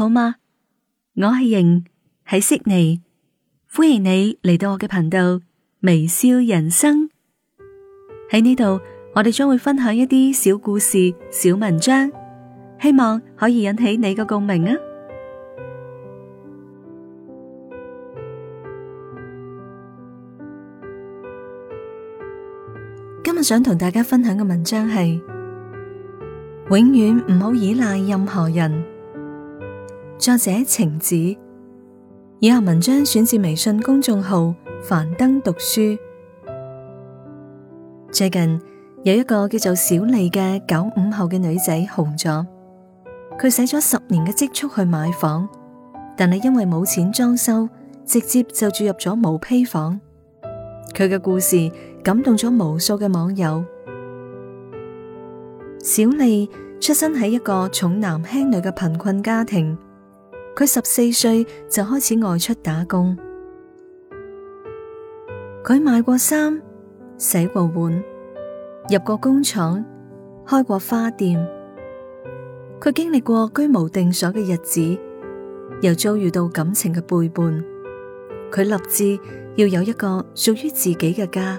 好嗎？我係瑩，喺悉尼，歡迎你嚟到我嘅頻道微笑人生。喺呢度，我哋將會分享一啲小故事、小文章，希望可以引起你嘅共鳴啊！今日想同大家分享嘅文章係：永遠唔好依賴任何人。作者晴子，以下文章選自微信公眾號樊登讀書。最近有一個叫做小麗嘅九五後嘅女仔紅咗，佢使咗十年嘅積蓄去買房，但係因為冇錢裝修，直接就住入咗毛坯房。佢嘅故事感動咗無數嘅網友。小麗出生喺一個重男輕女嘅貧困家庭。佢十四歲就開始外出打工，佢賣過衫，洗過碗，入過工廠，開過花店。佢經歷過居無定所嘅日子，又遭遇到感情嘅背叛。佢立志要有一個屬於自己嘅家。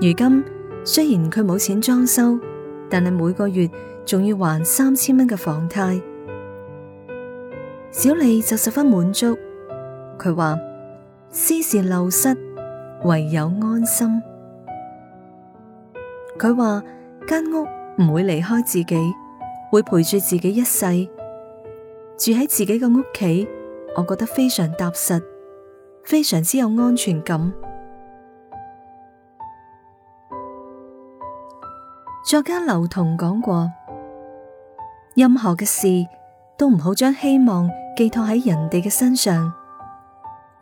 如今雖然佢冇錢裝修，但係每個月仲要還三千蚊嘅房貸。小李就十分滿足，佢話思是流失，唯有安心。佢話間屋唔會離開自己，會陪住自己一世。住喺自己嘅屋企，我覺得非常踏實，非常之有安全感。作家劉同講過，任何嘅事。都唔好將希望寄託喺人哋嘅身上，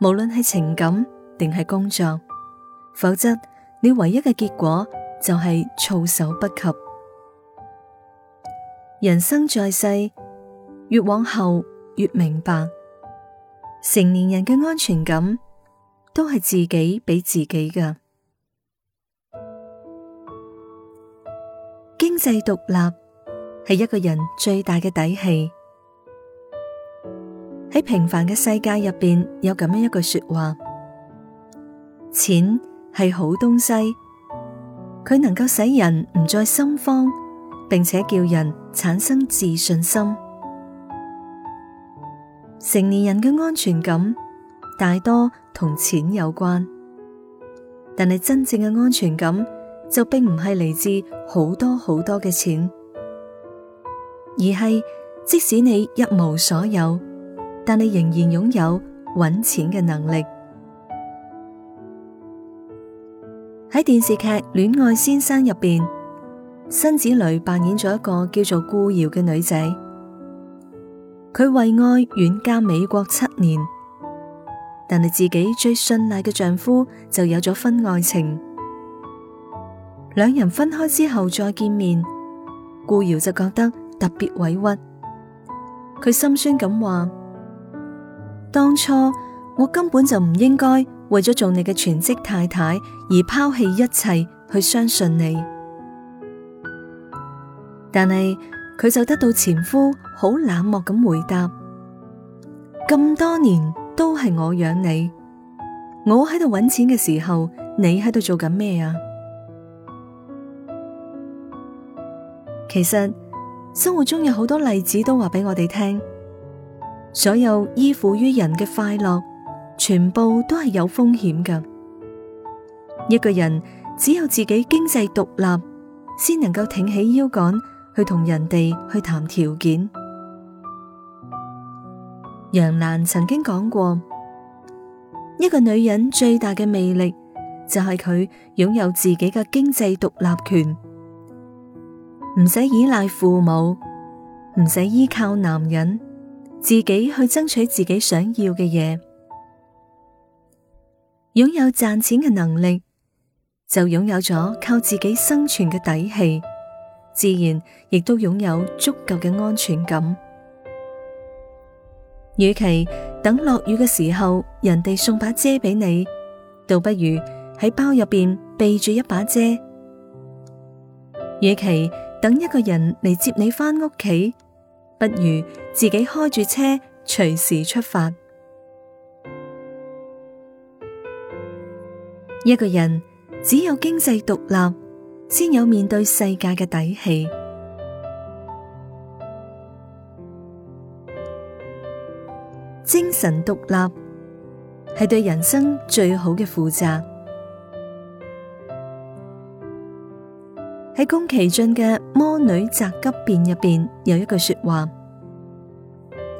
無論係情感定係工作，否則你唯一嘅結果就係措手不及。人生在世，越往後越明白，成年人嘅安全感都係自己俾自己嘅。經濟獨立係一個人最大嘅底氣。喺平凡嘅世界入邊，有咁樣一句說話：錢係好東西，佢能夠使人唔再心慌，並且叫人產生自信心。成年人嘅安全感大多同錢有關，但係真正嘅安全感就並唔係嚟自好多好多嘅錢，而係即使你一無所有。但你仍然擁有揾錢嘅能力。喺電視劇《戀愛先生》入邊，辛芷蕾扮演咗一個叫做顧瑤嘅女仔。佢為愛遠嫁美國七年，但係自己最信賴嘅丈夫就有咗婚外情。兩人分開之後再見面，顧瑤就覺得特別委屈。佢心酸咁話：當初我根本就唔應該為咗做你嘅全職太太而拋棄一切去相信你，但係佢就得到前夫好冷漠咁回答：咁多年都係我養你，我喺度搵錢嘅時候，你喺度做緊咩啊？其實生活中有好多例子都話俾我哋聽。所有依附於人嘅快樂，全部都係有風險㗎。一個人只有自己經濟獨立，先能夠挺起腰杆，去同人哋去談條件。楊瀾曾經講過，一個女人最大嘅魅力就係佢擁有自己嘅經濟獨立權，唔使依賴父母，唔使依靠男人。自己去爭取自己想要嘅嘢，擁有賺錢嘅能力，就擁有咗靠自己生存嘅底氣，自然亦都擁有足夠嘅安全感。與其等落雨嘅時候，人哋送把遮俾你，倒不如喺包入邊備住一把遮。與其等一個人嚟接你翻屋企。不如自己開住車，隨時出發。一個人只有經濟獨立，先有面對世界嘅底氣。精神獨立係對人生最好嘅負責。喺宮崎駿嘅《魔女宅急便》入邊有一句說話，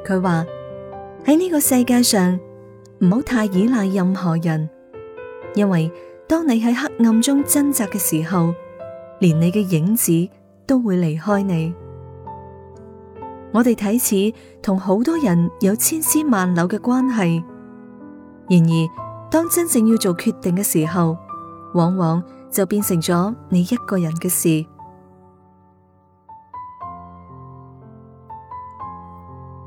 佢話：喺呢個世界上唔好太依賴任何人，因為當你喺黑暗中掙扎嘅時候，連你嘅影子都會離開你。我哋睇似同好多人有千絲萬縷嘅關係，然而當真正要做決定嘅時候，往往。就變成咗你一個人嘅事。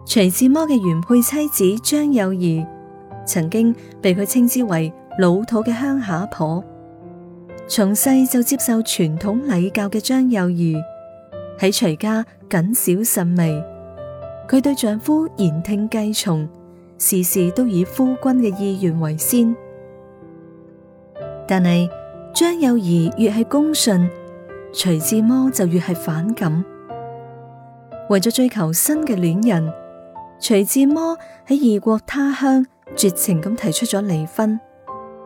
徐志摩嘅原配妻子張幼儀，曾經被佢稱之為老土嘅鄉下婆。從細就接受傳統禮教嘅張幼儀，喺徐家謹小慎微，佢對丈夫言聽計從，事事都以夫君嘅意願為先。但係。張幼儀越係恭順，徐志摩就越係反感。為咗追求新嘅戀人，徐志摩喺異國他鄉絕情咁提出咗離婚，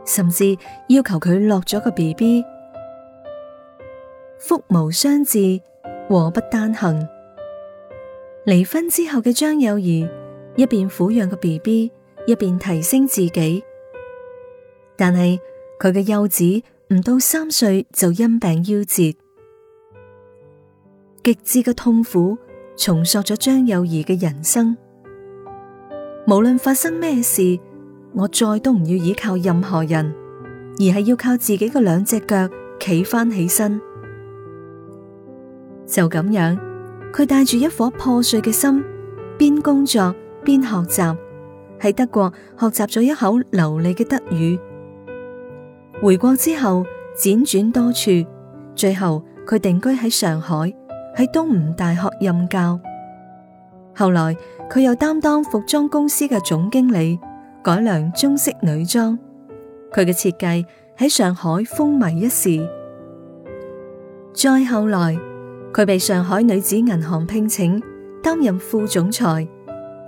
甚至要求佢落咗個 BB。福無雙至，禍不單行。離婚之後嘅張幼儀，一邊撫養個 BB，一邊提升自己。但係佢嘅幼子。唔到三歲就因病夭折，極致嘅痛苦重塑咗張幼儀嘅人生。無論發生咩事，我再都唔要依靠任何人，而係要靠自己嘅兩隻腳企翻起身。就咁樣，佢帶住一顆破碎嘅心，邊工作邊學習，喺德國學習咗一口流利嘅德語。回國之後，輾轉多處，最後佢定居喺上海，喺東吳大學任教。後來佢又擔當服裝公司嘅總經理，改良中式女裝。佢嘅設計喺上海風靡一時。再後來，佢被上海女子銀行聘請擔任副總裁，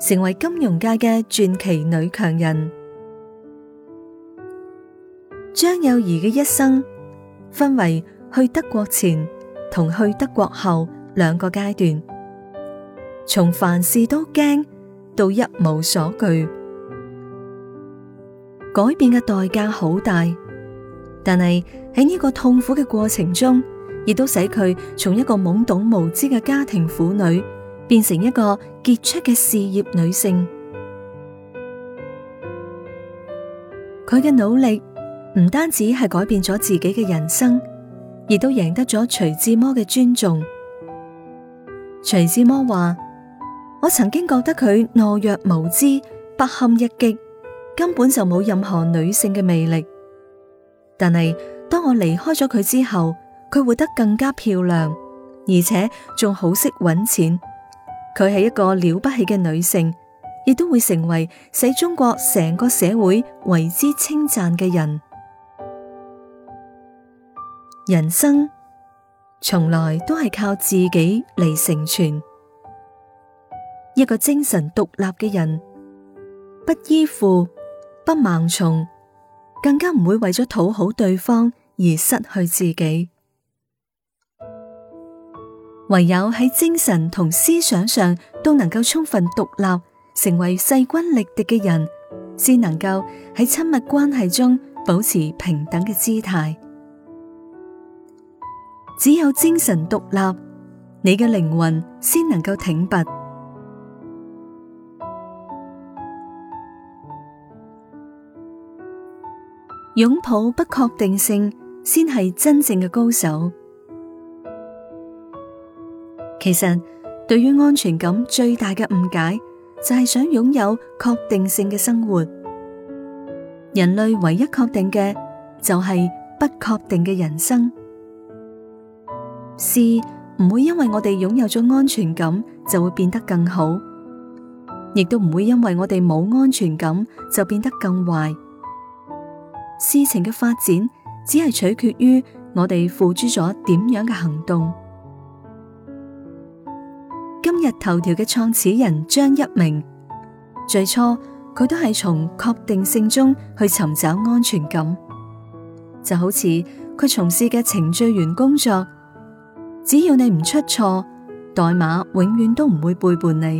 成為金融界嘅傳奇女強人。張幼儀嘅一生分為去德國前同去德國後兩個階段，從凡事都驚到一無所懼，改變嘅代價好大，但係喺呢個痛苦嘅過程中，亦都使佢從一個懵懂無知嘅家庭婦女，變成一個傑出嘅事業女性。佢嘅努力。唔單止係改變咗自己嘅人生，亦都贏得咗徐志摩嘅尊重。徐志摩話：我曾經覺得佢懦弱無知、不堪一擊，根本就冇任何女性嘅魅力。但係當我離開咗佢之後，佢活得更加漂亮，而且仲好識揾錢。佢係一個了不起嘅女性，亦都會成為使中國成個社會為之稱讚嘅人。人生從來都係靠自己嚟成全。一個精神獨立嘅人，不依附，不盲從，更加唔會為咗討好對方而失去自己。唯有喺精神同思想上都能夠充分獨立，成為勢均力敵嘅人，先能夠喺親密關係中保持平等嘅姿態。只有精神獨立，你嘅靈魂先能夠挺拔。擁抱不確定性，先係真正嘅高手。其實，對於安全感最大嘅誤解，就係想擁有確定性嘅生活。人類唯一確定嘅，就係不確定嘅人生。事唔會因為我哋擁有咗安全感就會變得更好，亦都唔會因為我哋冇安全感就變得更壞。事情嘅發展只係取決於我哋付諸咗點樣嘅行動。今日頭條嘅創始人張一鳴最初佢都係從確定性中去尋找安全感，就好似佢從事嘅程序員工作。只要你唔出錯，代碼永遠都唔會背叛你。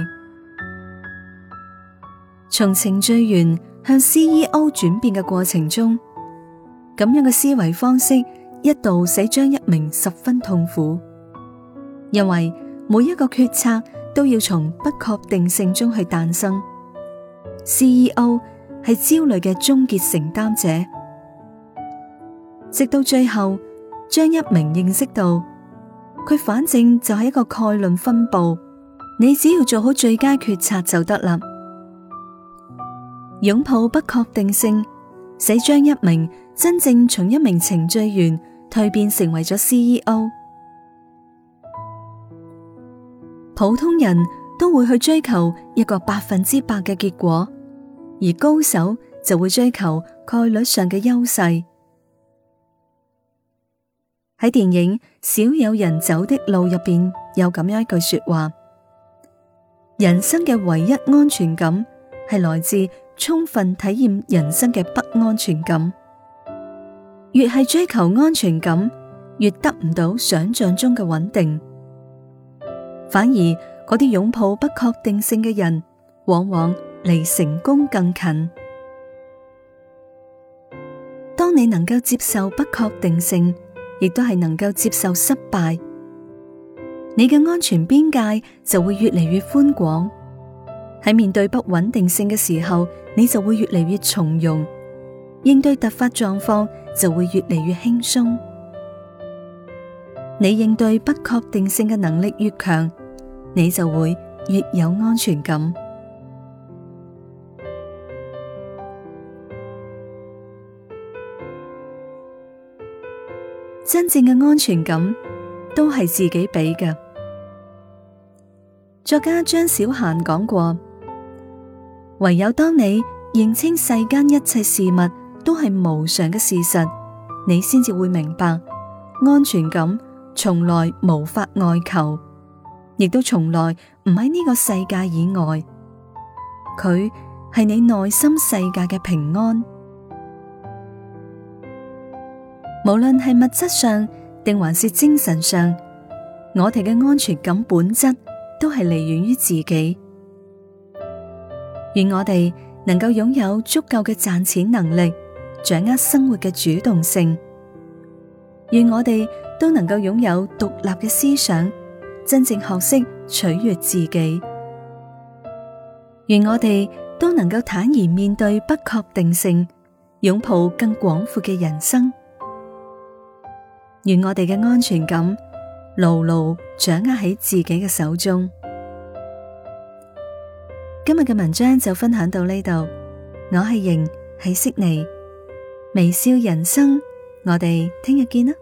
從程序員向 CEO 轉變嘅過程中，咁樣嘅思維方式一度使張一鳴十分痛苦，因為每一個決策都要從不確定性中去誕生。CEO 係焦慮嘅終結承擔者，直到最後，張一鳴認識到。佢反正就係一個概率分布，你只要做好最佳決策就得啦。擁抱不確定性，使張一鳴真正從一名程序員蛻變成為咗 CEO。普通人都會去追求一個百分之百嘅結果，而高手就會追求概率上嘅優勢。喺電影《少有人走的路》入邊，有咁樣一句說話：人生嘅唯一安全感係來自充分體驗人生嘅不安全感。越係追求安全感，越得唔到想象中嘅穩定。反而嗰啲擁抱不確定性嘅人，往往離成功更近。當你能夠接受不確定性。亦都係能夠接受失敗，你嘅安全邊界就會越嚟越寬廣。喺面對不穩定性嘅時候，你就會越嚟越從容；應對突發狀況就會越嚟越輕鬆。你應對不確定性嘅能力越強，你就會越有安全感。真正嘅安全感都係自己俾嘅。作家張小嫻講過：唯有當你認清世間一切事物都係無常嘅事實，你先至會明白，安全感從來無法外求，亦都從來唔喺呢個世界以外。佢係你內心世界嘅平安。無論係物質上定還是精神上，我哋嘅安全感本質都係來源於自己。願我哋能夠擁有足夠嘅賺錢能力，掌握生活嘅主動性。願我哋都能夠擁有獨立嘅思想，真正學識取悦自己。願我哋都能夠坦然面對不確定性，擁抱更廣闊嘅人生。願我哋嘅安全感牢牢掌握喺自己嘅手中。今日嘅文章就分享到呢度，我係瑩，係悉尼微笑人生，我哋聽日見啦。